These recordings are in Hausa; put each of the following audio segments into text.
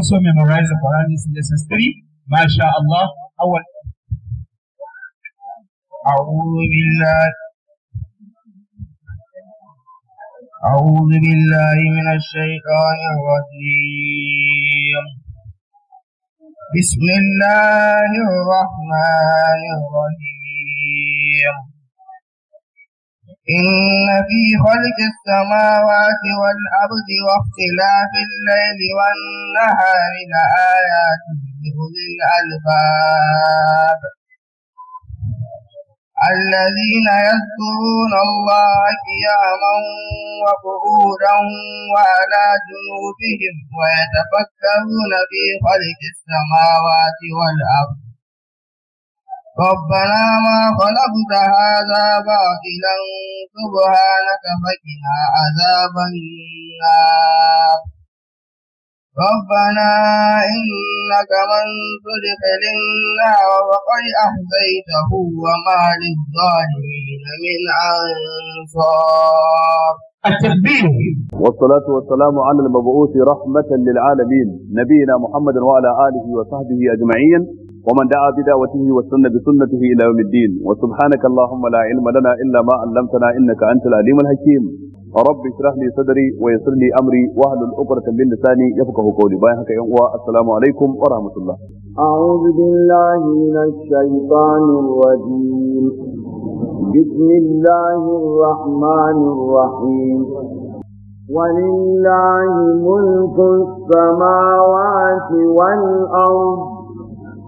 also memorize the Quran in lessons three. Masha Allah. Awal. أعوذ بالله من الشيطان الرجيم بسم الله الرحمن الرحيم إن في خلق السماوات والأرض واختلاف الليل والنهار لآيات لأولي الألباب الذين يذكرون الله قياما وقعودا وعلى جنوبهم ويتفكرون في خلق السماوات والأرض ربنا ما خلقت هذا باطلا سبحانك فقنا عذاب النار ربنا إنك من تدخل النار فقد أحزيته وما للظالمين من أنصار التكبير والصلاة والسلام على المبعوث رحمة للعالمين نبينا محمد وعلى آله وصحبه أجمعين ومن دعا بدعوته وسن بسنته الى يوم الدين وسبحانك اللهم لا علم لنا الا ما علمتنا انك انت العليم الحكيم رب اشرح لي صدري ويسر لي امري واهل عقدة من لساني يفقه قولي باي هكا السلام عليكم ورحمه الله اعوذ بالله من الشيطان الرجيم بسم الله الرحمن الرحيم ولله ملك السماوات والارض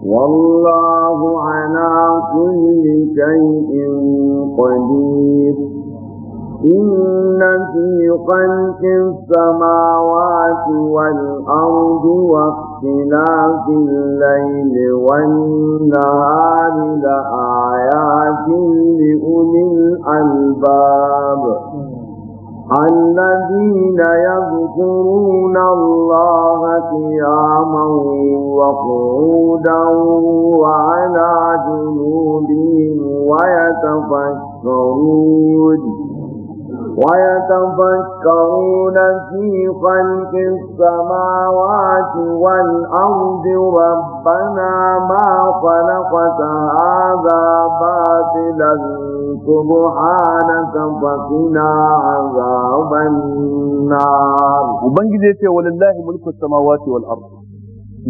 والله على كل شيء قدير إن في خلق السماوات والأرض واختلاف الليل والنهار لآيات لأولي الألباب الذين يذكرون الله قياما وقعودا وعلى جنوبهم ويتفكرون ويتفكرون في خلق السماوات والأرض ربنا ما خلقت هذا باطلا سبحانك فقنا عذاب النار وبنجد يتي ولله ملك السماوات والأرض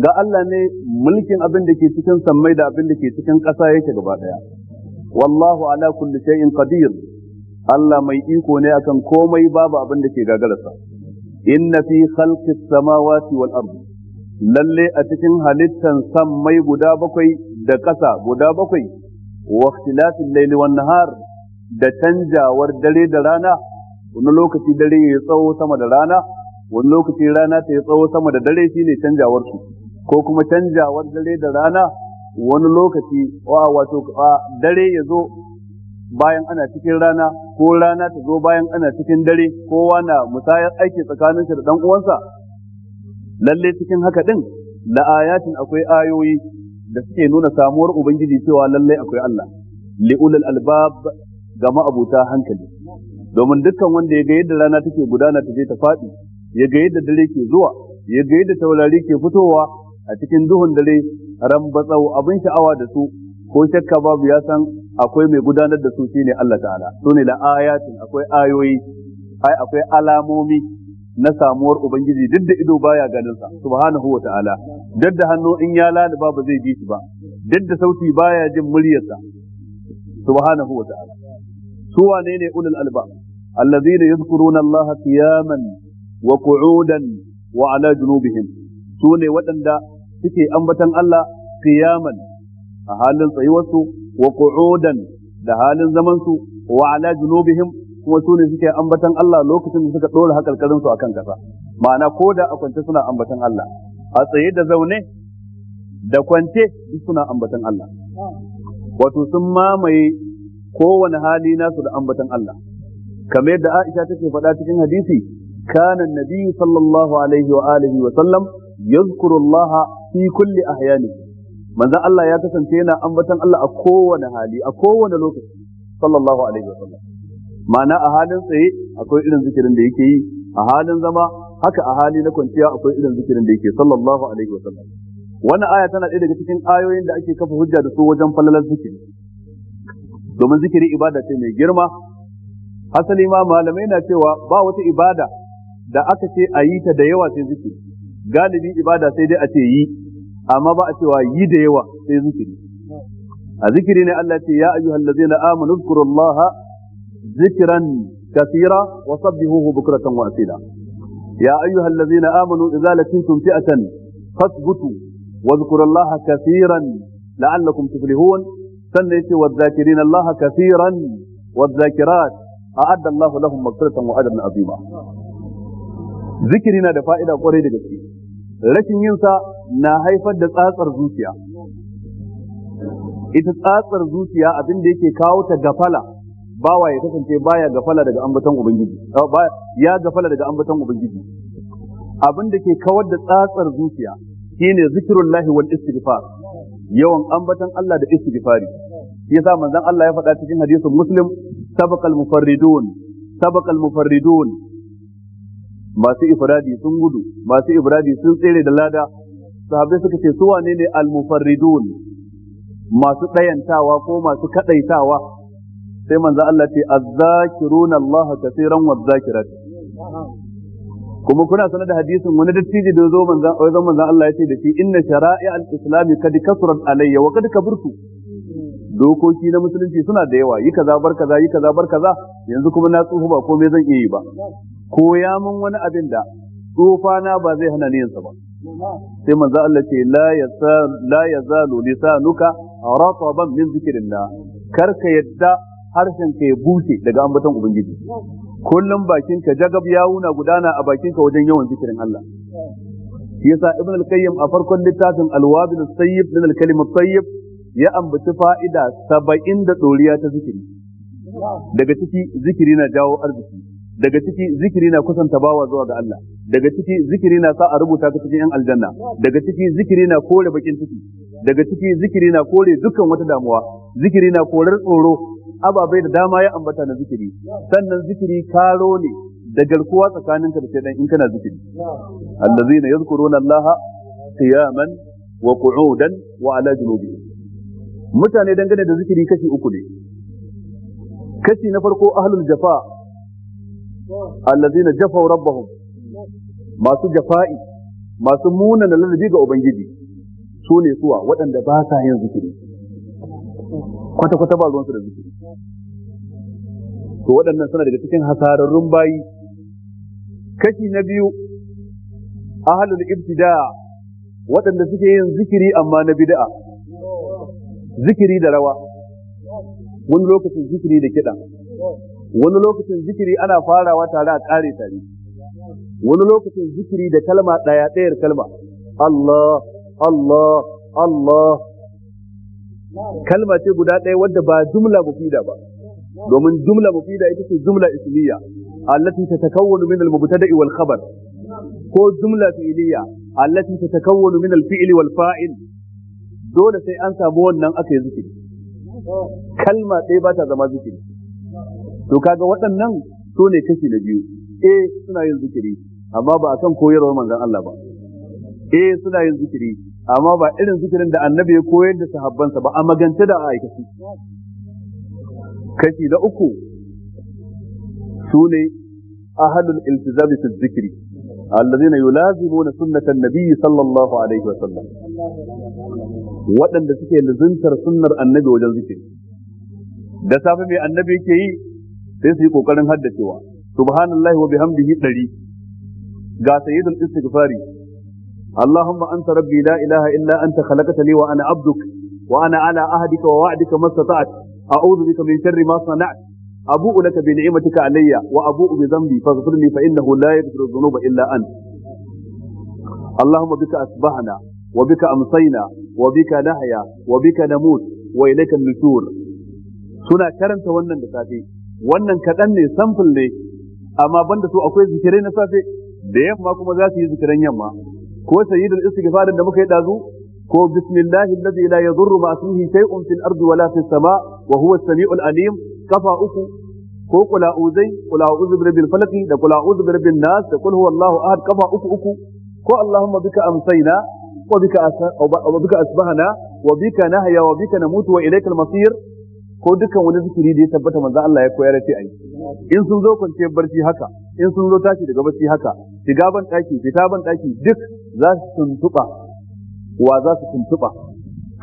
ga Allah ne mulkin abin da ke cikin sammai da abin da ke cikin ƙasa yake gaba ɗaya wallahu ala kulli shay'in qadir Allah mai iko ne akan komai babu abin da ke gagararsa inna fi khalqis samawati wal ardi lalle a cikin halittan mai guda bakwai da ƙasa guda bakwai wa ikhtilafil layli wan nahar da canjawar dare da rana wani lokaci dare ya tsawo sama da rana wani lokaci rana ta yi tsawo sama da dare shine canjawar su ko kuma canjawar dare da rana wani lokaci wa wato dare ya zo bayan ana cikin rana ko rana ta zo bayan ana cikin dare kowa na musayar aiki tsakanin shi da dan uwansa lalle cikin haka din la ayatin akwai ayoyi da suke nuna samuwar ubangiji cewa lalle akwai Allah li ulul albab ga ma'abuta hankali domin dukkan wanda ya ga yadda rana take gudana ta je ta faɗi ya ga yadda dare ke zuwa ya ga yadda taurari ke fitowa a cikin duhun dare ran batsau abin sha'awa da su ko shakka babu ya san akwai mai gudanar da su shine Allah ta'ala sune la ayatin akwai ayoyi ai akwai alamomi na samuwar ubangiji duk da ido baya ganin sa subhanahu wa ta'ala duk da hannu in ya laluba ba zai ji shi ba duk da sauti baya jin muryarsa subhanahu wa ta'ala su wane ne ulul alba allazina yadhkuruna Allah qiyaman wa qu'udan wa ala junubihim su ne waɗanda suke ambatan Allah qiyaman a halin tsayuwarsu wa qu'udan da halin zaman su wa ala kuma su ne suke ambatan Allah lokacin da suka dora hakalkarin su akan kasa ma'ana ko da a kwance suna ambatan Allah a tsaye da zaune da kwance suna ambatan Allah wato sun mamaye kowane hali nasu da ambatan Allah kamar yadda Aisha take faɗa cikin hadisi kana annabi sallallahu alaihi wa alihi wa sallam yadhkuru Allah fi kulli ahyanihi manzon Allah ya kasance yana ambatan Allah a kowane hali a kowane lokaci sallallahu alaihi wasallam ma'ana a halin tsaye akwai irin zikirin da yake yi a halin zama haka a hali na kwanciya akwai irin zikirin da yake sallallahu alaihi wasallam wannan aya tana ɗaya daga cikin ayoyin da ake kafa hujja da su wajen falalar zikiri domin zikiri ibada ce mai girma asali ma malamai na cewa ba wata ibada da aka ce a yi ta da yawa sai zikiri galibi ibada sai dai a ce yi amma ba a cewa yi da yawa sai zikiri a zikiri ne Allah ce ya ayyuhal ladzina amanu zkurullaha zikran kathira wa sabbihuhu bukratan wa asila ya ayyuhal ladzina amanu idza lakintum fi'atan fasbutu wa zkurullaha kathiran la'allakum tuflihun sannan yace wa dhakirina Allah kathiran wa zakirat a'adda Allah lahum maghfiratan wa ajran azima zikiri na da fa'ida kwarai da gaske rashin yin sa na haifar da tsatsar zuciya ita tsatsar zuciya abinda da yake kawo ta gafala bawa ya kasance baya gafala daga ambaton ubangiji ya gafala daga ambaton ubangiji abin ke kawar da tsatsar zuciya shine zikrullahi wal istighfar yawan ambaton Allah da istighfari yasa manzon Allah ya faɗa cikin hadisin Muslim sabaqal mufarridun sabaqal mufarridun masu ifradi sun gudu masu ibradi sun tsere da lada sahabbai suka ce su wane ne al-mufarridun masu ɗayantawa ko masu kaɗaitawa sai manzo Allah ce azzakiruna Allah kaseeran wadh-dhakirat kuma kuna sanar da hadisin wani dattijo da zo manzan wajen Allah ya ce da shi inna shara'i al-islam kad kasurat alayya wa kad kaburtu dokoki na musulunci suna da yawa yi kaza bar kaza yi kaza bar kaza yanzu kuma na tsufa ba komai zan iya yi ba koya mun wani abin da tsufa na ba zai hana ni yinsa ba sai manzo Allah ce la yasa la yazalu lisanuka rataban min zikrillah kar ka yadda harshen ka ya bushe daga ambaton ubangiji kullum bakin ka jagab wuna gudana a bakin ka wajen yawan zikirin Allah shi yasa ibn al-qayyim a farkon littafin al-wabil sayyib min al-kalim tayyib ya ambaci fa'ida 70 da doriya ta zikiri daga ciki zikiri na jawo arziki daga ciki zikiri na kusanta bawa zuwa ga Allah daga ciki zikiri na sa a rubuta ka cikin yan aljanna daga ciki zikiri na kore bakin ciki daga ciki zikiri na kore dukkan wata damuwa zikiri na korar tsoro ababai da dama ya ambata na zikiri sannan zikiri karo ne da garkuwa tsakaninka da shaidan in kana zikiri allazina yadhkuruna allaha qiyaman wa qu'udan wa ala junubihim mutane dangane da zikiri kashi uku ne kashi na farko ahlul jafa allazina jafaw rabbahum masu jafa'i masu munana ladabi ga ubangiji su ne suwa waɗanda ba sa yin zikiri kwata kwata ba ruwansu da zikiri to waɗannan suna daga cikin hasararrun bayi kashi na biyu ahlul ibtida waɗanda suke yin zikiri amma na bid'a zikiri da rawa wani lokacin zikiri da kiɗan. wani lokacin zikiri ana farawa tare a ƙare tare wani lokacin zikiri da kalma ɗaya ɗayar kalma Allah Allah Allah kalma ce guda ɗaya wadda ba jumla mufida ba domin jumla mufida ita ce jumla ismiya allati tatakawwanu min al-mubtada'i wal khabar ko jumla fi'liya allati tatakawwanu min al fili wal fa'il dole sai an samu wannan aka yi zikiri kalma ɗaya ba ta zama zikiri to kaga waɗannan su ne kashi na biyu eh suna yin zikiri amma ba a akan koyarwar manzon Allah ba eh suna yin zikiri amma ba irin zikirin da annabi ya koyar da sahabbansa ba a magance da a kashi na uku su ne ahlul zikiri, fi zikri الذين يلازمون سنة النبي صلى الله عليه وسلم waɗanda suke lazantar sunnar annabi wajen zikiri da safe mai annabi yake yi sai su yi kokarin haddacewa subhanallahi wa bihamdihi dari ga sayyidul istighfari allahumma anta rabbi la ilaha illa anta khalaqtani wa ana abduk wa ana ala ahdika wa wa'dika mastata'at a'udhu bika min sharri ma sana'at abu'u laka bi ni'matika alayya wa abu'u bi dhanbi faghfirli fa innahu la yaghfiru dhunuba illa ant allahumma bika asbahna wa bika amsayna wa bika nahya wa bika namut wa ilayka an nusur suna karanta wannan da safe wannan kaɗan ne samfin ne amma banda su akwai zikirai na safe da yamma kuma za su yi zikiran yamma ko sayyidul istighfarin da muka yi dazu ko bismillahi allazi la yadurru ma ismihi shay'un fil ardi wala fis sama wa huwa as-sami'ul alim kafa uku ko qul a'udhu qul a'udhu bi rabbil falaq da qul a'udhu bi rabbin nas da qul huwallahu ahad kafa uku uku ko allahumma bika amsayna wa bika asbahna wa bika nahya wa bika namutu wa masir ko dukkan wani zikiri da ya tabbata manzo Allah ya koyar ce ai in sun zo kwance barci haka in sun zo tashi daga barci haka shiga ban daki fita ban daki duk za su tuntuba wa za su tuntuba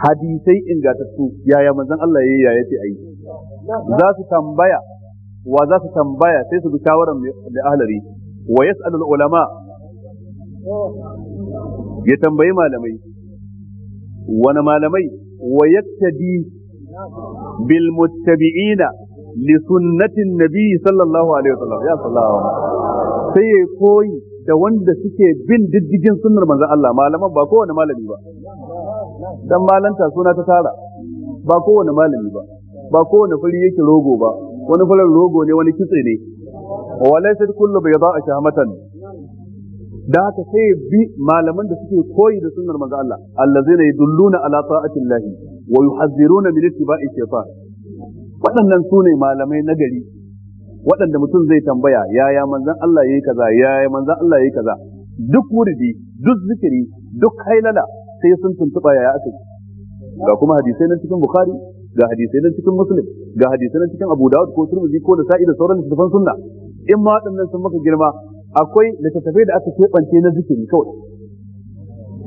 hadisai ingantattu yaya manzon Allah ya yaya ce ai za su tambaya wa za su tambaya sai su bi shawaran da ahlari wa yas'alu ulama ya tambayi malamai wani malamai wa yaktadi bil muttabi'ina li sunnatin nabi sallallahu alaihi wasallam ya sallallahu sai ya koyi da wanda suke bin diddigin sunnar manzon Allah malaman ba kowane malami ba dan malanta suna ta tara ba kowane malami ba ba kowane fari yake rogo ba wani farar rogo ne wani kitse ne walaysat kullu bayda shahmatan da haka sai bi malaman da suke koyi da sunnar manzo Allah allazina yadulluna ala ta'atillahi wa yuhadhiruna min ittiba'i shaytan waɗannan su ne malamai nagari waɗanda mutum zai tambaya ya-ya yaya manzon Allah ya yi kaza Ya-ya yaya manzon Allah ya yi kaza duk wurdi duk zikiri duk hailala sai sun tuntuɓa yaya aka ga kuma hadisai nan cikin bukhari ga hadisai nan cikin muslim ga hadisai nan cikin abu dawud ko turmizi ko da sa'i da sauran littattafan sunna in ma waɗannan sun maka girma akwai littattafai da aka keɓance na zikiri kawai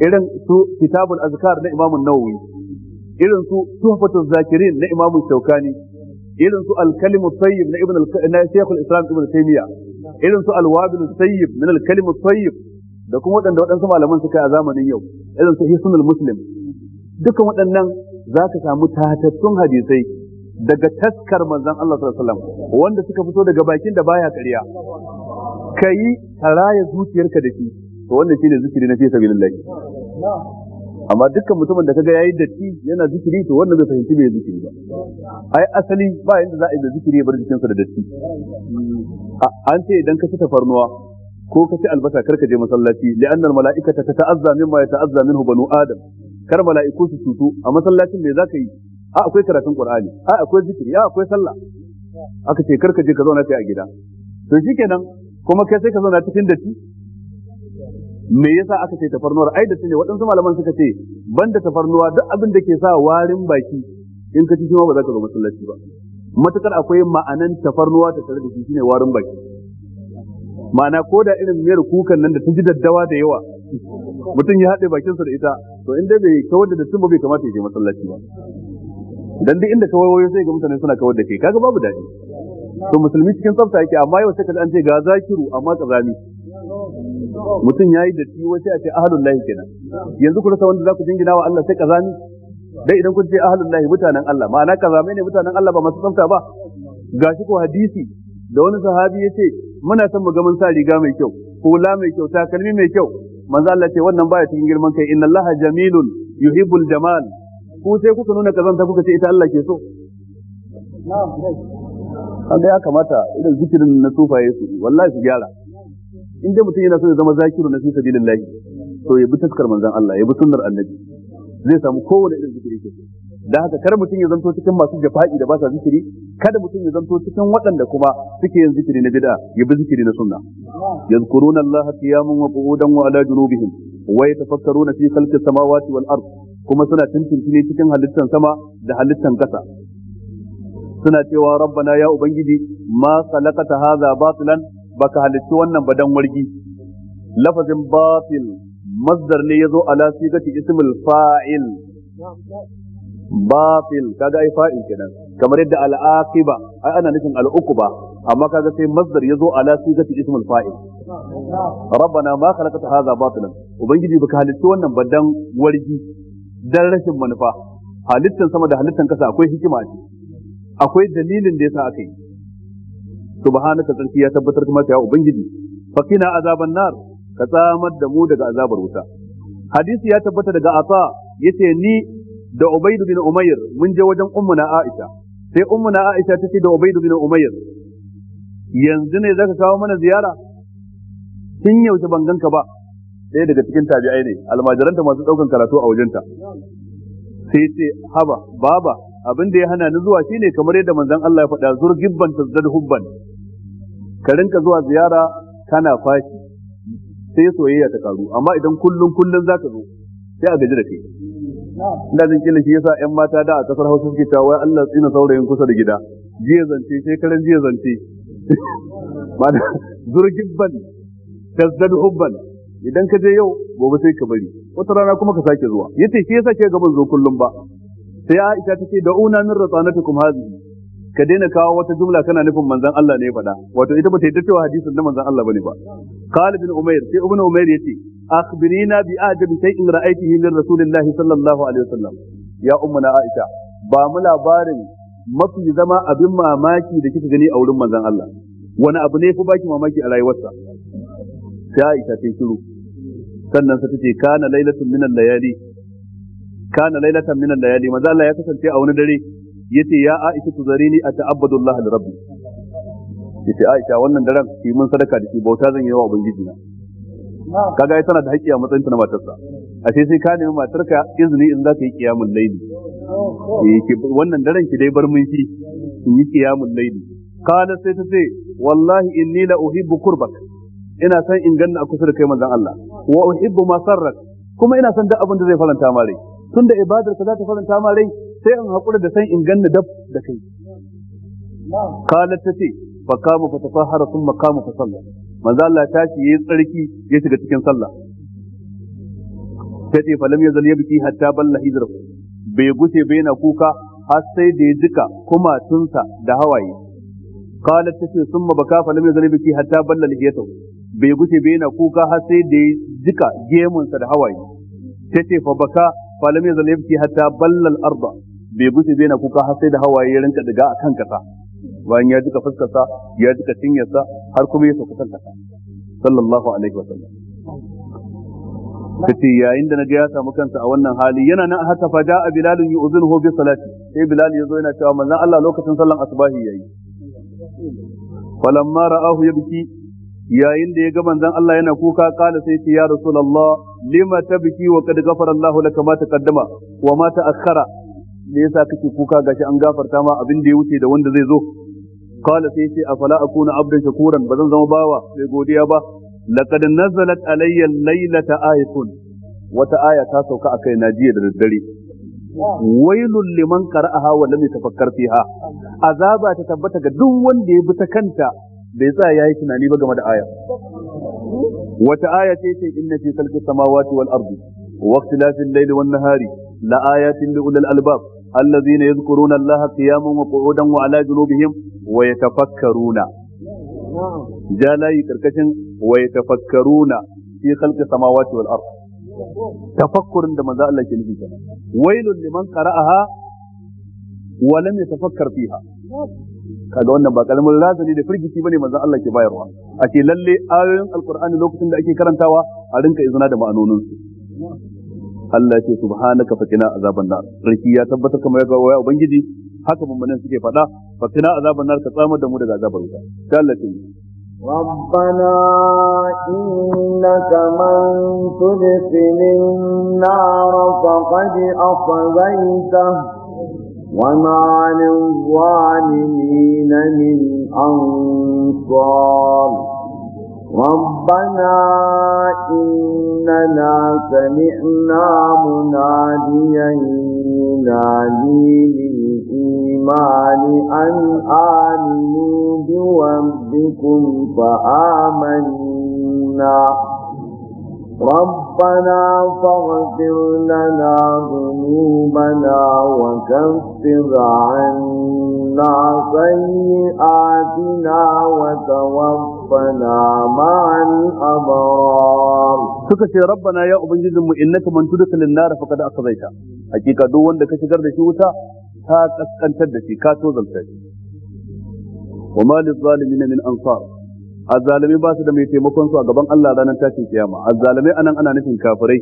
irin su kitabul azkar na imamun nawawi irin su tuhfatul zakirin na imamu shaukani irin su al-kalimu tayyib na ibn na shaykhul islam ibn taymiya irin su al-wabil tayyib min al tayyib da kuma waɗanda waɗansu malaman suka a zamanin yau irin su hisnul muslim dukan waɗannan zaka samu tatattun hadisai daga taskar manzon Allah sallallahu alaihi wasallam wanda suka fito daga bakin da baya kariya kai taraya zuciyarka da shi to wannan shine zikiri na fi sabilillah amma dukkan mutumin da kaga yayi datti yana zikiri to wannan zai fahimci mai zikiri ba ai asali ba yanda za a yi da zikiri ya bar jikinsa da datti an ce idan ka ci tafarnuwa ko ka ci albasa kar ka je masallaci li'anna al-mala'ikata tata'azza mimma yata'azza minhu banu adam kar mala'iku su tutu a masallacin me zaka yi a akwai karatun qur'ani a akwai zikiri a akwai sallah aka ce kar ka je ka zauna sai a gida to shikenan kuma kai sai ka zauna cikin datti me yasa aka ce tafarnuwar ai da ne waɗansu malaman suka ce banda tafarnuwa duk abin da ke sa warin baki in ka ci shi ba za ka zo masallaci ba matukar akwai ma'anan tafarnuwa ta tare da shi shine warin baki ma'ana ko da irin miyar kukan nan da ta ji daddawa da yawa mutum ya haɗe bakinsa da ita to in dai bai kawar da dattin ba bai kamata ya je masallaci ba dan duk inda kawai sai ga mutane suna kawar da kai kaga babu daɗi to musulmi cikin tsafta yake amma yau sai ka an ce ga zakiru amma kazami mutum yayi da shi wace a ce ahalun lahi kenan yanzu ku rasa wanda za ku jingina wa Allah sai kazami dai idan kun ce ahalun lahi mutanen Allah ma'ana kazamai ne mutanen Allah ba masu tsafta ba Ga gashi ko hadisi da wani sahabi ya ce muna son mu ga mun sa riga mai kyau hula mai kyau takalmi mai kyau manzo Allah ce wannan baya cikin girman kai inna Allah jamilun yuhibbul jamal ku sai kuka nuna kazanta kuka ce ita Allah ke so na'am dai ya kamata irin zikirin na sufaye su wallahi su gyara in dai mutum yana so ya zama zakiru na fi sabilillah to ya bi taskar manzan Allah ya bi sunnar annabi zai samu kowane irin zikiri ke da haka kar mutum ya zanto cikin masu jafa'i da ba sa zikiri kada mutum ya zanto cikin waɗanda kuma suke yin zikiri na bid'a ya bi zikiri na sunna yazkuruna Allah qiyaman wa qu'udan wa ala junubihim wa yatafakkaruna fi khalqis samawati wal ard kuma suna tuntuntune cikin halittan sama da halittan kasa suna cewa rabbana ya ubangiji ma khalaqata hadha batilan baka halicci wannan ba dan wargi lafazin batil masdar ne yazo ala sigati ismul fa'il batil kaga ai fa'il kenan kamar yadda al-aqiba ai ana nufin al-uqba amma kaga sai masdar yazo ala sigati ismul fa'il rabbana ma khalaqta hadha batilan ubangiji baka halicci wannan ba dan wargi dan rashin manufa halittan sama da halittan kasa akwai hikima ce akwai dalilin da yasa aka yi subhanaka tsarki ya tabbatar kuma ya ubangiji fakina azaban nar ka tsamar da mu daga azabar wuta hadisi ya tabbata daga asa yace ni da ubaid bin umayr mun je wajen na aisha sai na aisha ta ce da ubaid bin umayr yanzu ne zaka kawo mana ziyara tun yaushe ban ganka ba ɗaya daga cikin tabi'ai ne almajiranta masu daukan karatu a wajenta sai ce haba baba abin da ya hana ni zuwa shine kamar yadda manzon Allah ya faɗa zurgibban tazdad hubban ka zuwa ziyara kana fashi sai soyayya ta karu amma idan kullun kullun zaka zo sai a gaji da kai ina jin kila shi yasa yan mata da a kasar Hausa suke cewa wai Allah tsina saurayin kusa da gida jiya zance shekaran jiya zance ba zurgibban tazdad hubban idan ka je yau gobe sai ka bari wata rana kuma ka sake zuwa yace shi yasa ke gaban zo kullum ba sai Aisha tace da una min rasanatukum hadhihi ka daina kawo wata jumla kana nufin manzon Allah ne faɗa wato ita bata yadda cewa hadisin na manzon Allah bane ba Khalid bin Umair sai Ibn Umair yace akhbirina bi ajab shay'in ra'aytihi min Rasulillahi sallallahu alaihi wasallam ya ummuna Aisha ba mu labarin mafi zama abin mamaki da kika gani a wurin manzon Allah wani abu ne fi baki mamaki a rayuwarsa sai Aisha ta shiru sannan sai tace kana lailatun min al-layali kana lailatan min al-layali manzo Allah ya kasance a wani dare yace ya Aisha ni ata'abbadu Allah li rabbi yace Aisha wannan daren ki mun sadaka da shi bauta zan yi wa ubangiji na kaga ai tana da haƙƙi a matsayin na matarsa a sai ka nemi matarka izini in zaka yi qiyamul layli yake eh, wannan daren ki dai bar mun shi in yi qiyamul layli kana sai ta ce wallahi inni la uhibbu qurbak ina san in ganna a kusa da kai manzon Allah wa uhibbu masarrak kuma ina san duk abin da zai faranta ma rai tunda ibadar ka za ta faranta ma rai sai an haƙura da san in dab da kai kalar ta ce fa kama fa hara sun makama fa sallah manzo Allah ta tashi yi tsarki ya shiga cikin sallah Ta ce fa lam ya biki hatta balla hijrahu bai gushe bai na kuka har sai da ya jika tunsa da hawaye kalar ta ce sun baka fa lam ya biki hatta balla lihiyatahu bai gushe bai na kuka har sai da ya jika gemunsa da hawaye Ta ce fa baka falam ya biki hatta balla al bai bushe bai na kuka har sai da hawaye ya rinka diga a kan kasa bayan ya jika fuskarsa ya jika cinyarsa har kuma ya sauka kan kasa sallallahu alaihi wa sallam kace yayin da naga ya samu kansa a wannan hali yana nan haka fa da bilal yu'zinuhu bi salati sai bilal yazo yana cewa manzon Allah lokacin sallan asbahi yayi falamma ra'ahu yabki yayin da ya ga manzon Allah yana kuka kala sai ce ya rasulullah lima tabki wa kad ghafara Allah laka ma taqaddama wa ma ta'akhkhara me yasa kake kuka gashi an gafarta ma abin da ya wuce da wanda zai zo qala sai ce afala akuna abdan shakuran bazan zama bawa sai godiya ba laqad nazalat alayya laylata ayatun wata aya ta sauka a kai jiya da daddare wailul liman qara'aha wa lam yatafakkar fiha azaba ta tabbata ga duk wanda ya bi ta kanta bai tsaya yayi tunani ba game da aya wata aya ce ce inna fi khalqis samawati wal ardi wa layli wan nahari la ayatin li ulil albab allazina yadhkuruna allaha qiyaman wa qu'udan wa ala junubihim wa yatafakkaruna jalayi karkashin wa yatafakkaruna fi khalqi samawati wal ard tafakkurin da manzo Allah ke nufi wailun liman fiha kaga wannan ba karamin razani da firgici bane manzon Allah ke bayarwa ake lalle ayoyin alqur'ani lokacin da ake karantawa a rinka izina da ma'anonin su Allah ce subhanaka fakina azaban nar sarki ya tabbatar kamar ya ga waya ubangiji haka mummunan suke faɗa fakina azaban nar ka tsamar da mu daga azabar wuta sai Allah ce ربنا إنك من تدخل النار فقد أخزيته وما للظالمين من أنصار ربنا إننا سمعنا مناديا ينادي للإيمان أن آمنوا بربكم فآمنا ربنا فاغفر لنا ذنوبنا وكفر عنا سيئاتنا وتوفنا rabbana ma'al abrar suka ce rabbana ya ubangijin mu innaka man tudkhilin nar faqad akhzaita hakika duk wanda ka shigar da shi wuta ka kaskantar da shi ka tozalta shi wa ma lizalimin min ansar azzalimi ba su da mai taimakon su a gaban Allah ranar tashin kiyama azzalimi anan ana nufin kafirai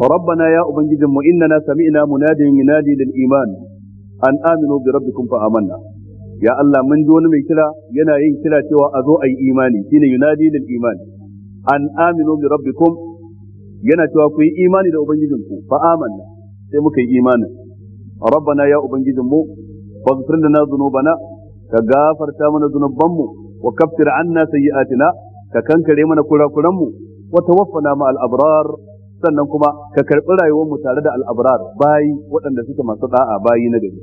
ربنا يا أبنجي إننا سمعنا منادي ينادي للإيمان أن آمنوا بربكم فآمنا ya Allah mun ji wani mai kira yana yin kira cewa a zo a yi imani shine yunadi lil Imani. an aminu bi rabbikum yana cewa ku yi imani da ubangijinku fa amanna sai muka yi imani rabbana ya ubangijinmu faghfir lana dhunubana ka gafarta mana dhunubanmu wa kaffir anna sayyi'atina ka kankare mana kurakuranmu wa tawaffana ma al-abrar sannan kuma ka karbi rayuwar mu tare da al-abrar bayi waɗanda suke masu da'a bayi na gari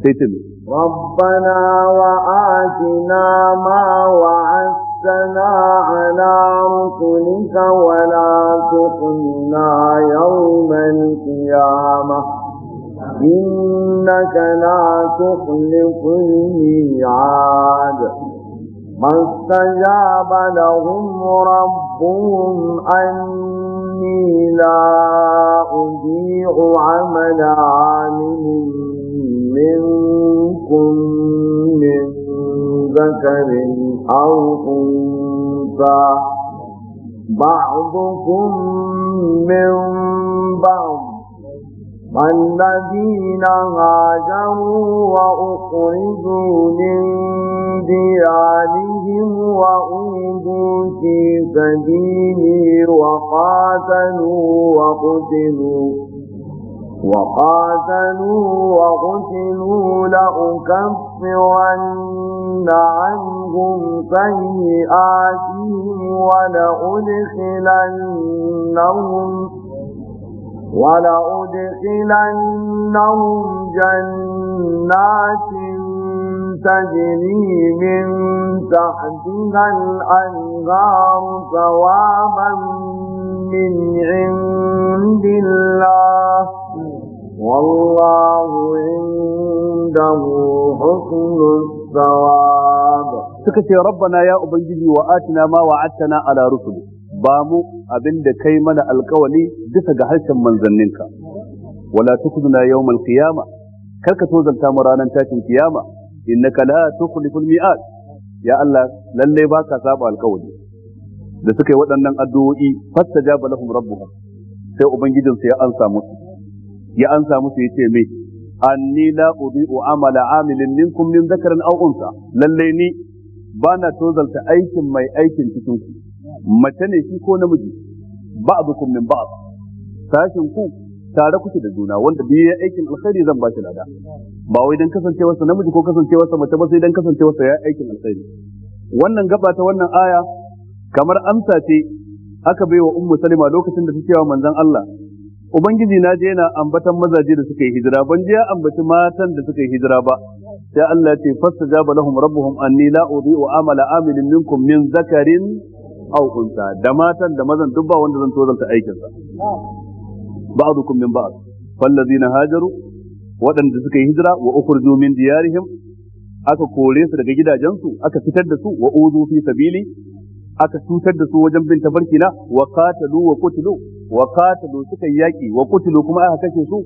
ربنا وآتنا ما وعدتنا على رسلك ولا تخزنا يوم القيامة إنك لا تخلف الميعاد فاستجاب لهم ربهم أني لا أضيع عمل عامل منكم من ذكر أو أنثى بعضكم من بعض الذين هاجروا وأخرجوا من ديارهم وأوذوا في سبيلي وقاتلوا وقتلوا وقاتلوا وقتلوا لأكفرن عنهم سيئاتهم ولأدخلنهم ولأدخلنهم جنات تجري من تحتها الأنهار ثوابا من عند الله والله عنده حسن ya ubangiji ربنا يا أبنجي وآتنا ما وعدتنا على رسلك bamu abin da kai mana alkawali bisa ga harshen manzanninka wala tukzuna yawmal qiyama kar ka tozanta mu ranar tashin kiyama innaka la tukhliful mi'ad ya Allah lalle baka saba alkawali da suka waɗannan addu'o'i fastajaba lahum rabbuhum sai ubangijinsu ya ansa musu ya ansa musu yace me anni la u amala amilin minkum min dhakarin aw unsa lalle ni ba na tozalta aikin mai aikin cikin ku mace ne shi ko namiji ba'dukum min ba'd sashin ku tare kuke da juna wanda bi ya aikin alkhairi zan ba lada ba wai dan kasancewar sa namiji ko kasancewar sa mace ba sai dan kasancewar sa ya aikin alkhairi wannan gaba ta wannan aya kamar amsa ce aka bai wa ummu salima lokacin da take cewa manzon Allah ubangiji na je yana ambatan mazaje da suka yi hijira ban je ambaci matan da suka yi hijira ba sai Allah ce fastajaba lahum rabbuhum anni la udhi'u amala amilin minkum min zakarin aw unsa da matan da mazan duk ba wanda zan ta aikin sa ba'dukum min ba'd fallazina hajaru waɗanda suka yi hijira wa ukhruju min diyarihim aka kore su daga gidajensu aka fitar da su wa udhu fi sabili aka cutar da su wajen bin tabarkina wa qatalu wa qutilu wa qatalu suka yaki wa qutilu kuma aka kashe su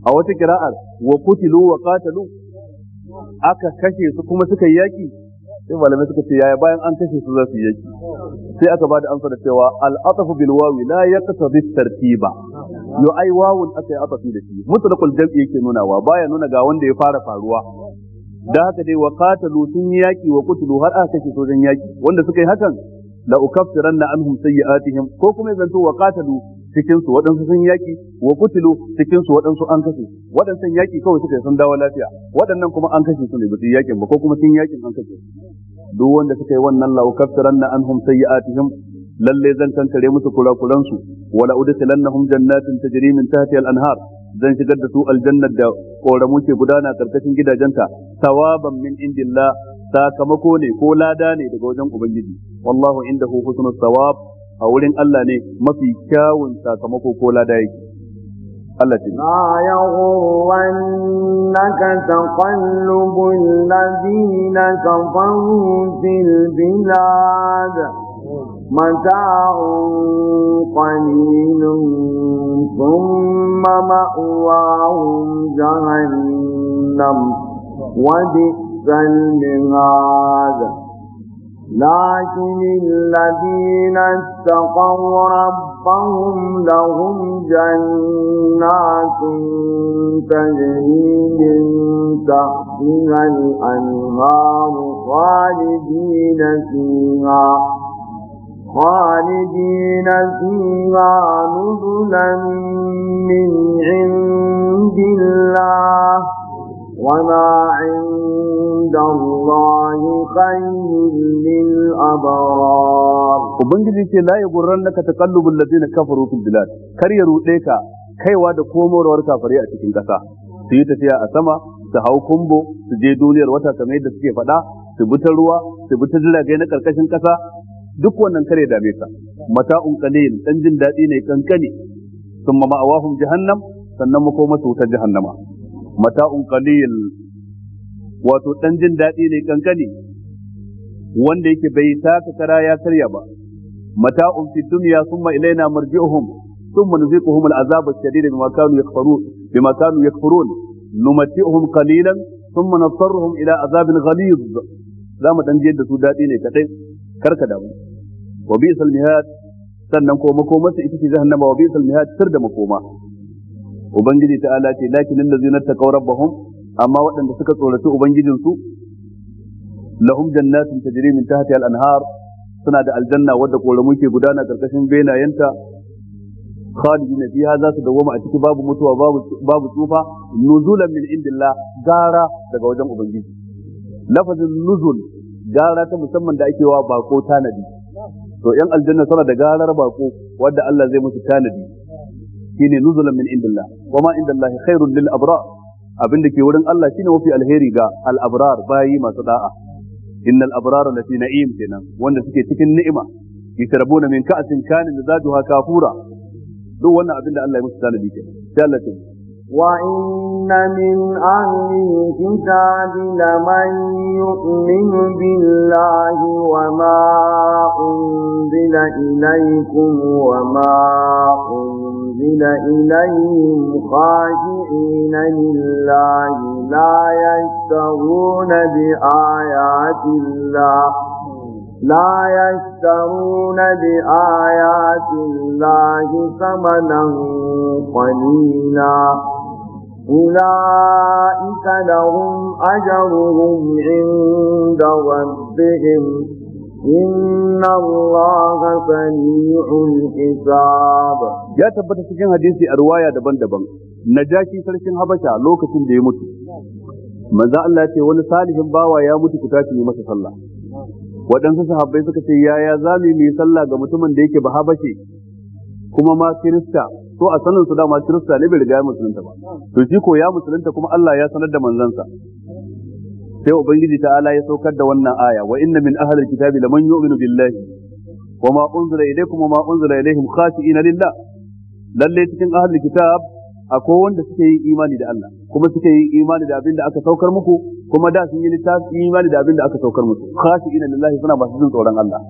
a wata kira'ar wa qutilu wa qatalu aka kashe su kuma suka yaki sai malamai suka ce yaya bayan an kashe su za su yaki sai aka bada amsa da cewa al-atafu bil wawi la yaqtadi tartiba yo ai wawun aka yi atafi da shi mutlaqul jam'i yake nunawa baya nuna ga wanda ya fara faruwa da haka dai wa qatalu sun yaki wa qutlu har aka kashe sojan yaki wanda suka yi hakan la ukaffiranna anhum sayyi'atihim ko kuma zanto wa qatalu cikin waɗansu sun yaki wa kutilu cikin waɗansu an kashe waɗansan yaki kawai suka yi sun dawo lafiya waɗannan kuma an kashe su ne ba su yakin ba ko kuma sun yakin an kashe duk wanda suka yi wannan lau humsa anhum sayyi'atihim lalle zan kankare musu kurakuran su wala udkhilannahum jannatin tajri ta tahtiha al-anhar zan shigar da su aljannar da koramu ke gudana ƙarƙashin gidajenta tawaban min indillah sakamako ne ko lada ne daga wajen ubangiji wallahu indahu husnul tawab. a wurin Allah ne mafi kyawun sakamako ko lada yake Allah ce la yaghurrannaka taqallubul ladina kafaru fil bilad متاع قليل ثم مأواهم جهنم وبئس المهاد لكن الذين اتقوا ربهم لهم جنات تجري من تحتها الأنهار خالدين فيها خالدين فيها نزلا من عند الله وما عند الله خير للأبرار وبنجي ce la yughrannak taqallubul ladina kafaru fil bilad kar ya rude ka kaiwa da komorwar kafare a cikin kasa su yi tafiya a sama su hau kumbo su je duniyar wata kamar da suke faɗa su bi ta ruwa su bi ta jirage na karkashin ƙasa. duk wannan kare dame ka mata'un qalil dan jin daɗi ne kankani thumma ma'awahum jahannam sannan makomasu ta jahannama mata'un qalil wato dan jin daɗi ne kankani wanda yake bai taka kara ya karya ba mata'un fi dunya thumma ilaina marji'uhum thumma nuziquhum al'azab ash-shadid bima kanu yakfurun bima kanu yakfurun numati'uhum qalilan thumma nasarruhum ila azabin ghalid za mu dan jiyar da su daɗi ne kadai karka damu wa bi'sal mihad sannan ko makomarsa ita ce jahannama wa bi'sal mihad sir da makoma ubangiji ta ala ce lakin allazina taqaw rabbahum amma waɗanda suka tsoraci ubangijin su lahum jannatin tajri min tahti al-anhar suna da aljanna wadda koramu ke gudana karkashin benayenta khalidina fiha za su mu a ciki babu mutuwa babu babu tsufa nuzulan min indillah gara daga wajen ubangiji lafazin nuzul gara ta musamman da ake wa bako tanadi to yan aljanna suna da garar bako wadda Allah zai musu tanadi shine nuzulan min indillah wama indallahi khairul lil abrar abin da ke wurin Allah shine wafi alheri ga al abrar bayi masu da'a innal abrar lafi na'im kenan wanda suke cikin ni'ima yashrabuna min ka'sin kana mizajuha kafura duk wannan abin da Allah ya musu tanadi kenan sai Allah ya وإن من أهل الكتاب لمن يؤمن بالله وما أنزل إليكم وما أنزل أنزل إليهم خاشعين لله لا يشترون بآيات الله لا يشترون بآيات الله ثمنا قليلا أولئك لهم أجرهم عند ربهم إن الله cikin hadisi a ruwaya daban-daban najashi sarkin habasha lokacin da ya mutu Maza Allah ce wani salihin bawa ya mutu ku tashi yi masa sallah waɗansu sahabbai suka ce ya za mu mai sallah ga mutumin da yake ba habashe kuma ma kirista a sanin su dama kirista ne bai riga ya musulunta ba to shi ko ya musulunta kuma Allah ya sanar da manzansa sai ubangiji ta'ala ya saukar da wannan aya wa inna min ahlil kitabi laman yu'minu billahi wa ma unzila ilaykum wa ma unzila ilayhim khashi'ina lillah lalle cikin ahlil kitab akwai wanda suke yin imani da Allah kuma suke yin imani da abin da aka saukar muku kuma da sun yi littafi imani da abin da aka saukar muku khashi'ina lillahi suna masu jin tsoron Allah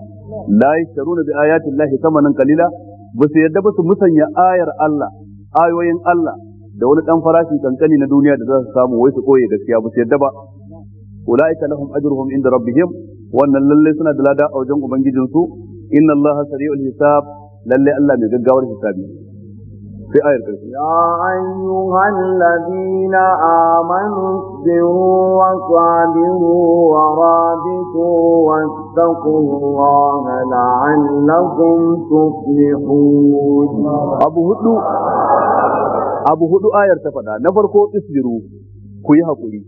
la yashtaruna bi ayati llahi thamanan qalila ba su yadda ba su musanya ayar Allah ayoyin Allah da wani dan farashi kankani na duniya da za su samu wai su koye gaskiya ba su yadda ba ulaika lahum ajruhum inda rabbihim wannan lalle suna da lada a wajen ubangijin su inna allaha sari'ul hisab lalle Allah mai gaggawar hisabi sai ayar karshe ya ayyuhal ladina amanu biru wa sabiru wa rabitu wattaqullaha la'allakum tuflihun abu hudu abu hudu ayar ta faɗa na farko isbiru ku yi hakuri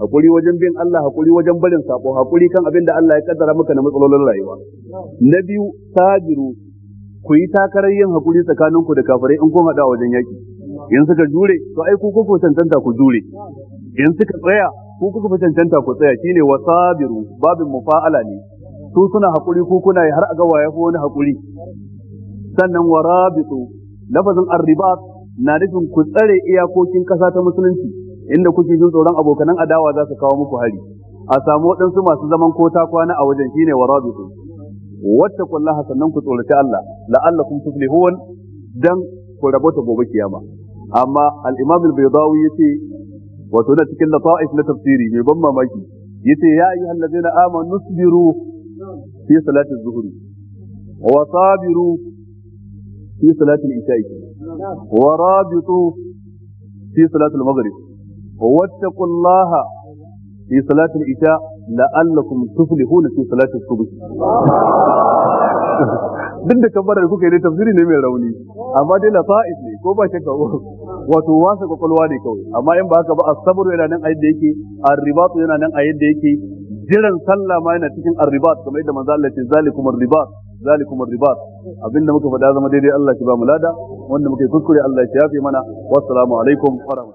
hakuri wajen bin Allah hakuri wajen barin sako hakuri kan abin da Allah ya kaddara maka na matsalolin rayuwa na biyu sabiru ku yi takarar yin hakuri tsakaninku da kafirai in kun hada wajen yaki in suka jure to ai ku cancanta ku jure in suka tsaya ku kuka cancanta ku tsaya shine wasabiru babin mufa'ala ne su suna hakuri ku kuna har a ga waye ko wani hakuri sannan warabitu lafazin arribat na nufin ku tsare iyakokin kasa ta musulunci inda kuke jin tsoron abokanan adawa za su kawo muku hari a samu waɗansu masu zaman ko ta kwana a wajen shine warabitu wattaqullaha sannan ku tsoraci Allah la'allakum tuflihun dan ku ta gobe kiyama amma al-imam al-baydawi yace wato na cikin lata'if na tafsiri mai ban mamaki yace ya ayyuhal ladzina amanu nusbiru fi salati az-zuhri wa sabiru fi salati al-isha'i wa rabitu fi salati al-maghrib wattaqu allaha fi salati al-isha la'allakum tuflihuna fi salati as-subh duk da kabbarar kuka yi tafsiri ne mai rauni amma dai na fa'is ne ko ba shakka wato wasa kwakwalwa ne kawai amma in ba haka ba asabar yana nan a yadda yake arribatu yana nan a yadda yake jiran sallah ma yana cikin arribat kamar yadda manzo Allah ce zalikum arribat zalikum arribat abinda muka faɗa zama daidai Allah ki ba mu lada wanda muka yi kuskure Allah ya yafe mana wassalamu alaikum wa